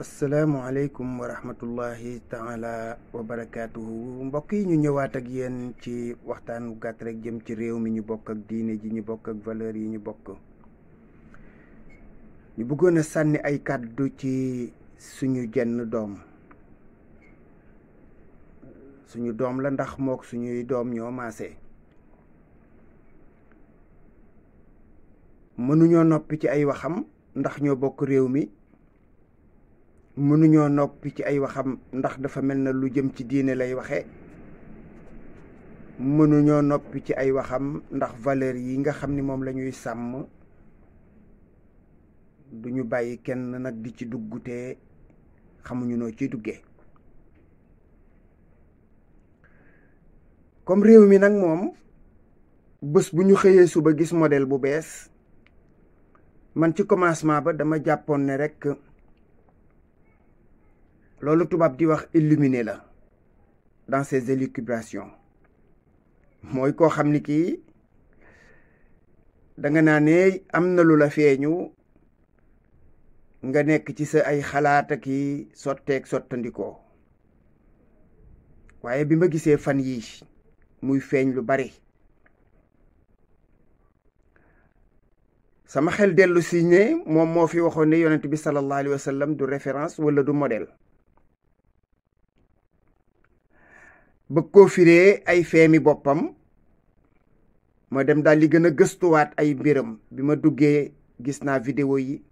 asalaamualeykum wa rahmatullahi taala wa barakaatuhu mbokk yi ñu ñëwaat ak yenn ci waxtaan bu gàtt rek jëm ci réew mi ñu bokk ak diine ji ñu bokk ak valeur yi ñu bokk ñu bëggoon a sànni ay kàddu ci suñu jenn doom suñu doom la ndax mook suñuy doom ñoo maase mënuñoo noppi ci ay waxam ndax ñoo bokk réew mi mënuñoo noppi ci ay waxam ndax dafa mel na lu jëm ci diine lay waxe mënuñoo noppi ci ay waxam ndax valeur yi nga xam ni moom lañuy sàmm duñu bàyyi kenn nag di ci dugg te xamuñu noo ciy duggee comme réew mi nag moom bés bu ñu xëyee suba gis modèle bu bees man ci commencement ba dama jàppoon ne rekk loolu tubaab di wax illuminé la dans ses élucubrations mooy koo xam ni kii danga naa ne am na lu la feeñu nga nekk ci sa ay xalaat ak i sotteeg sottandikoo waaye bi ma gisee fan yii muy feeñ lu bari sama xel dellu si ne moom moo fi waxoon ne yonent bi sallallahu alayhi wa sallam du référence wala du modèle ba koo firee ay feemi boppam ma dem daal li gën a gëstuwaat ay mbiram bi ma duggee gis naa vidéo yi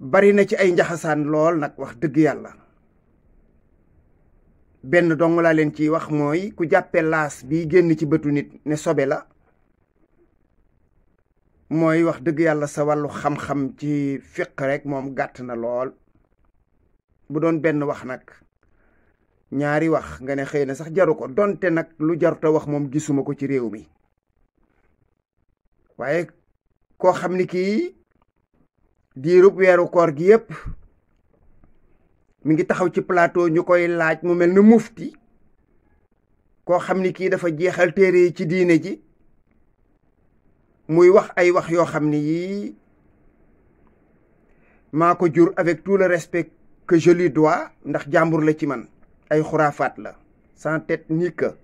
bari na ci ay njaxasaan lool nag wax dëgg yàlla benn dong laa leen ciy wax mooy ku jàppe laas bi génn ci bëtu nit ne sobe la mooy wax dëgg yàlla sa wàllu xam-xam ci fiq rek moom gàtt na lool bu doon benn wax nag ñaari wax nga ne xëy na sax jaru ko donte nag lu jaruta wax moom gisuma ko ci réew mi waaye koo xam ni kii diirub weeru koor gi yépp mu ngi taxaw ci plateau ñu koy laaj mu mel ni mufti koo xam ni kii dafa jeexal téere yi ci diine ji muy wax ay wax yoo xam ni yii maa ko jur avec tout le respect que je lui ndax jàmbur la ci man ay xuraafaat la sans tête ni queue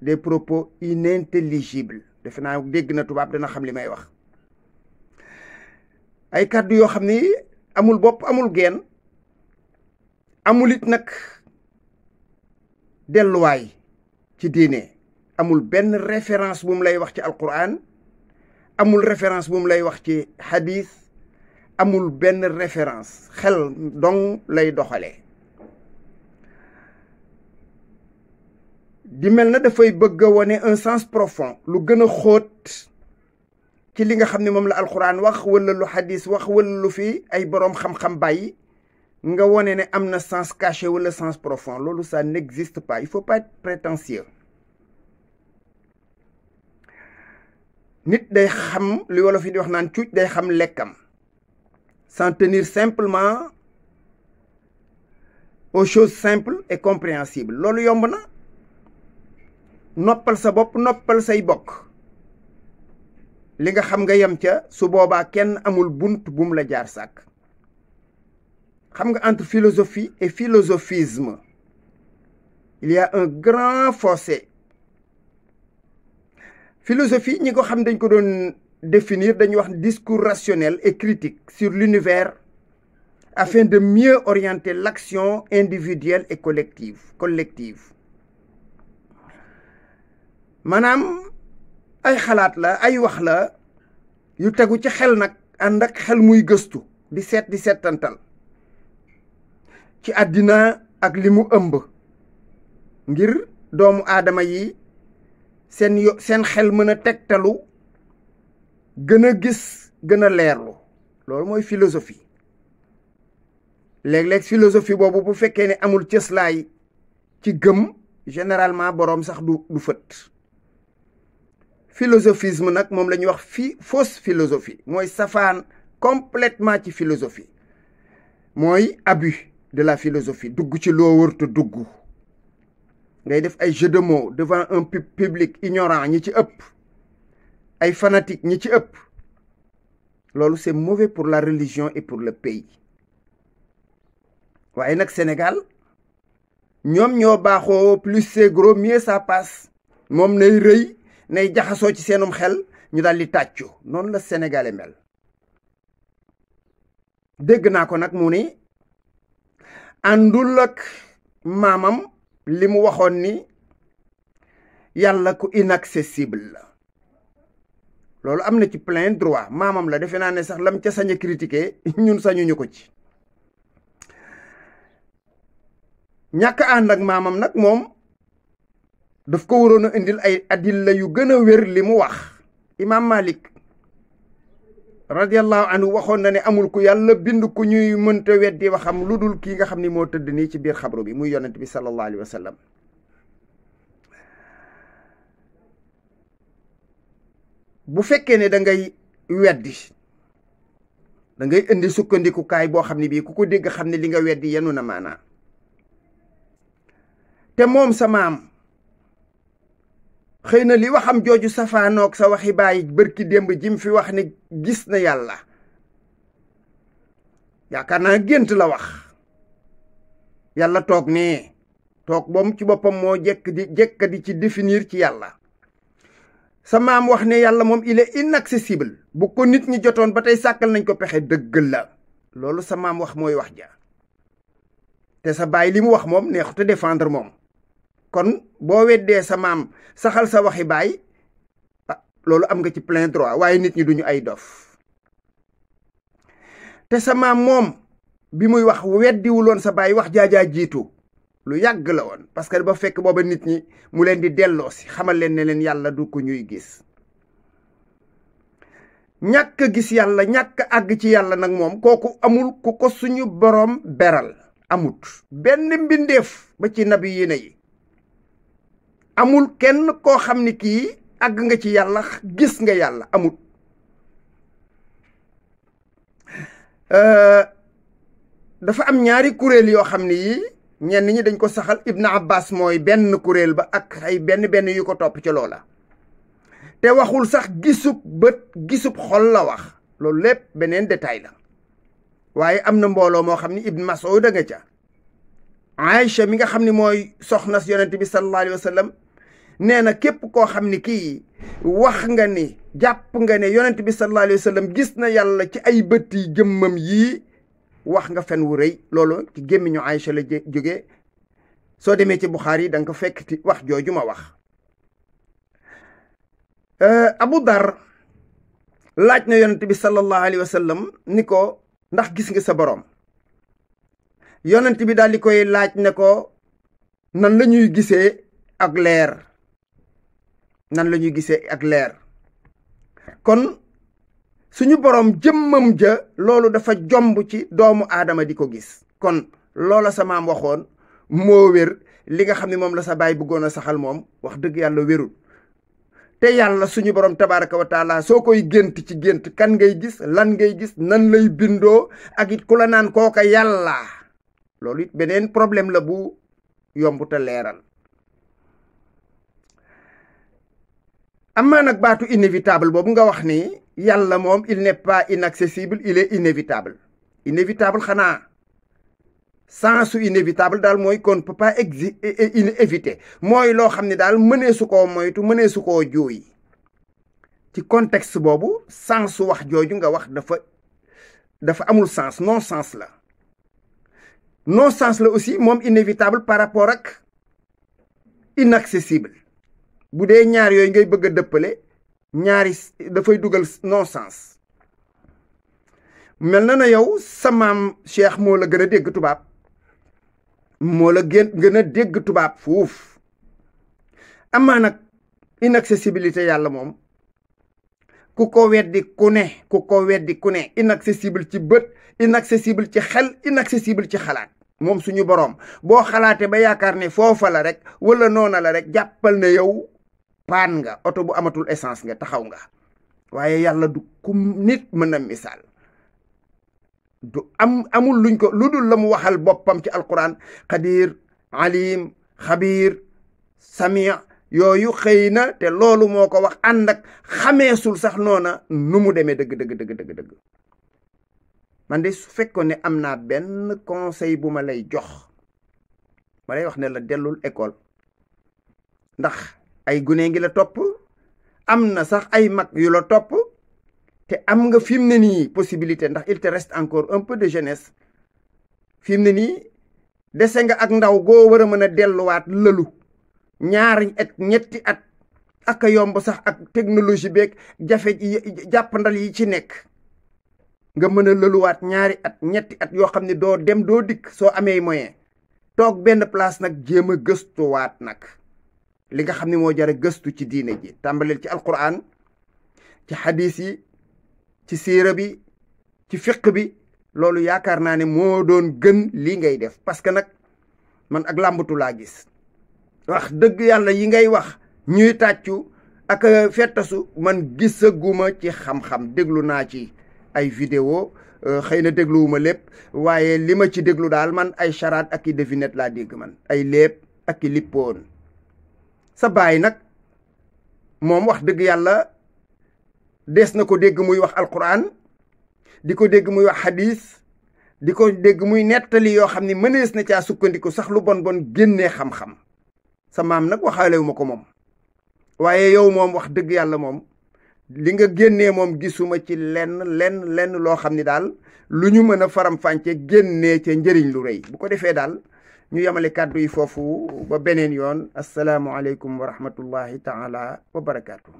des propos inintelligibles defe naa dégg na tubaab dana xam li may wax ay kàddu yoo xam ni amul bopp amul geen amul it nag delluwaay ci diine amul benn référence bu mu lay wax ci alquran amul référence bu mu lay wax ci hadith amul benn référence xel dong lay doxalee di mel na dafay bëgg a wone un sens profond lu gën a xóot ci li nga xam ne moom la alxuraan wax wala lu xadis wax wala lu fi ay boroom xam-xam bàyyi nga wone ne am na sens caché wala sens profond loolu ça n'existe pas il faut pas être nit day xam li wolof yi di wax naan cuuc day xam lekkam s'en tenir simplement aux choses simples et compréhensibles loolu yomb na noppal sa bopp noppal say bokk li nga xam nga yem ca su boobaa kenn amul bunt bum la jaar sàkk xam nga entre philosophie et philosophisme il y un grand fossé philosophie ñi ko xam dañ ko doon définir dañuy wax discours rationnel et critique sur l'univers afin de mieux orienter l'action individuelle et collective collective maanaam ay xalaat la ay wax la yu tegu ci xel nag ànd ak xel muy gëstu di seet di setantal ci àddina ak li mu ëmb ngir doomu aadama yi seen yo seen xel mën a tegtalu gën a gis gën a leerlu loolu mooy philosophie léeg-léeg philosophie boobu bu fekkee ni amul cëslaay ci gëm généralement boroom sax du du fët philosophisme nag moom la ñuy wax fi fausse philosophie mooy safaan completement ci philosophie mooy abus de la philosophie dugg ci loo wërta dugg ngay def ay jeu de mots devant un public ignorant ñi ci ëpp ay fanatique ñi ci ëpp loolu c'est mauvais pour la religion et pour le pays waaye nag Sénégal ñoom ñoo baaxoo plus c'est gros mieux ça passe moom nay rëy nay jaxasoo ci seenum xel ñu daal di tàccu noonu la sénégalais mel dégg naa ko nag mu ni àndul lak maamam li mu waxoon ni yàlla ku inaccessible la loolu am na ci plein droit maamam la defe naa ne sax lam ca sañe a critiquer ñun sañuñu ko ci ñàkk ànd ak maamam nag moom daf ko waroon a indil ay adilla yu gën a wér li mu wax imaam Malik radiallahu anhu waxoon na ne amul ku yàlla bind ku ñuy mënta weddi waxam lu dul kii nga xam ni moo tëdd nii ci biir xabru bi muy yonent bi sallallahu alayhi bu fekkee ne dangay ngay dangay da ngay indi sukkandikukaay boo xam ne bii ku ko dégg xam ne li nga weddi yenu na maanaa te moom samaam xëy na li waxam jooju safaanoog sa waxi bàyyi bërki démb ji mu fi wax ni gis na yàlla yaakaar naa gént la wax yàlla toog nee toog boom ci boppam moo jekk di jekka di ci définir ci yàlla sama am wax ne yàlla moom il est bu ko nit ñi jotoon ba tey sàkkal nañ ko pexe dëgg la loolu sa maam wax mooy wax ja te sa baay li mu wax moom neexut a défendre moom kon boo weddee sa maam saxal sa waxi baay ah, loolu am nga ci plein droit waaye nit ñi duñu ay dof te sa maam moom bi muy wax weddiwuloon sa baay wax jaajaa jiitu lu yàgg la woon parce que ba fekk booba nit ñi mu leen di delloo si xamal leen ne leen yàlla du ko ñuy gis ñàkk gis yàlla ñàkk àgg ci yàlla nag moom kooku amul ku ko suñu boroom beral amut benn mbindeef ba ci nabi yi yi amul kenn koo xam ni kii àgg nga ci yàlla gis nga yàlla amut euh, dafa am ñaari kuréel yoo xam ni yii ñenn ñi dañ ko saxal Ibn Abbas mooy benn kuréel ba ak ay benn benn yu ko topp ci loola te waxul sax gisub bët gisub xol la wax loolu lépp beneen détail la waaye am na mbooloo moo xam ni Ibn Mas'ud a nga ca Aïcha mi nga xam ni mooy soxna yonent bi sallallahu alayhi wa nee na képp koo xam ni kii wax nga ni jàpp nga ne yonent bi sallallahu alayhi wa gis na yàlla ci ay bët yi jëmmam yii wax nga fen wu rëy loolu ci gémmiñu Aïcha la jóge soo demee ci Buxaari yi danga nga ko fekk ci wax jooju ma wax euh, Abu Dar laaj na yonent bi sallallahu alayhi wa ni ko ndax gis nga sa boroom yonent bi daal di koy laaj ne ko nan la ñuy gisee ak leer nan la gisee ak leer kon suñu boroom jëmmam ja loolu dafa jomb ci doomu aadama di ko gis kon loola sama maam waxoon moo wér li nga xam ne moom la sa baay bëggoon a saxal moom wax dëgg yàlla wérul te yàlla suñu borom tabaraka wa soo koy gént ci gént kan ngay gis lan ngay gis nan lay bindoo ak ku la naan kooka yàlla loolu it beneen problème la bu yomb leeral amaa nag baatu inévitable boobu nga wax ni yàlla moom il n'est pas inaccessible il est inévitable inévitable xanaa sensu inévitable daal mooy qu'on ne peut pas mooy loo xam ne daal mënee su koo moytu mënee su koo juuy ci contexte boobu sensu wax jooju nga wax dafa dafa amul sens non sens la non sens la aussi moom inévitable par rapport ak inaccessible bu dee ñaar yooyu ngay bëgg a dëppale ñaari dafay dugal non sens mel na na yow sa maam cheikh moo la gën a dégg tubaab moo la gën gën a dégg tubaab fuuf amaa nag inaccessibilité yàlla moom ku ko weddi ku ne ku ko weddi ku ne inaccessible ci bët inaccessible ci xel inaccessible ci xalaat moom suñu boroom boo xalaatee ba yaakaar ne foofa la rek wala noona la rek jàppal ne yow paan nga oto bu amatul essence nga taxaw nga waaye yàlla du ku nit mën a misaal du am amul luñ ko lu dul la mu waxal boppam ci alquran xadir alim xabir sami yooyu xëy na te loolu moo ko wax ànd xamee xameesul sax noona nu mu demee dëgg dëgg dëgg dëgg man de su fekkoon ne am naa benn conseil bu ma lay jox ma lay wax ne la dellul école ndax ay gune ngi la topp am na sax ay mag yu la topp te am nga fi mu ne nii possibilité ndax il encore un peu de jeunesse fim ne nii dese nga ak ndaw goo war a mën a delluwaat lëlu ñaari ak ñetti at ak yomb sax ak technologie beeg jafe jàppandal yi ci nekk nga mën a lëluwaat ñaari at ñetti at yoo xam ne doo dem doo dikk soo amee moyen toog benn place nag jéem a gëstuwaat nag li nga xam ni moo jara gëstu ci diine ji tàmbaleel ci alquran ci xadis yi ci siira bi ci fiq bi loolu yaakaar naa ne moo doon gën lii ngay def parce que nag man ak làmbatu laa gis wax dëgg yàlla yi ngay wax ñuy tàccu ak fettasu man gisaguma ci xam-xam déglu naa ci ay vidéo euh, xëy na dégluwuma lépp waaye li ma ci déglu daal man ay charaat ak i devinette laa dégg man ay léeb ak i lippoon sa baay nag moom wax dëgg yàlla des na ko dégg muy wax alxuraan di ko dégg muy wax hadis di ko dégg muy nettali yoo xam ni mënees na caa sukkandiku sax lu bon bon génnee xam-xam sa maam nag waxaalewu ma ko moom waaye yow moom wax dëgg yàlla moom li nga génnee moom gisuma ci lenn lenn lenn loo xam ni daal lu ñu mën a faram-fànce génnee ca njëriñ lu rëy bu ko defee daal ñu yemale kàddu yi foofu ba beneen yoon asalaamualeykum wa rahmatullahi taala wa barakaatu.